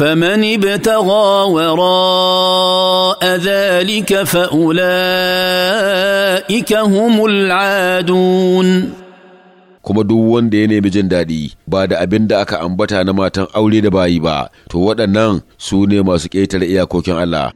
فمن ابتغى وراء ذلك فأولئك هم العادون kuma duk wanda ya nemi jin daɗi ba da abin da aka ambata na matan aure da bayi ba to waɗannan su ne masu ƙetare iyakokin Allah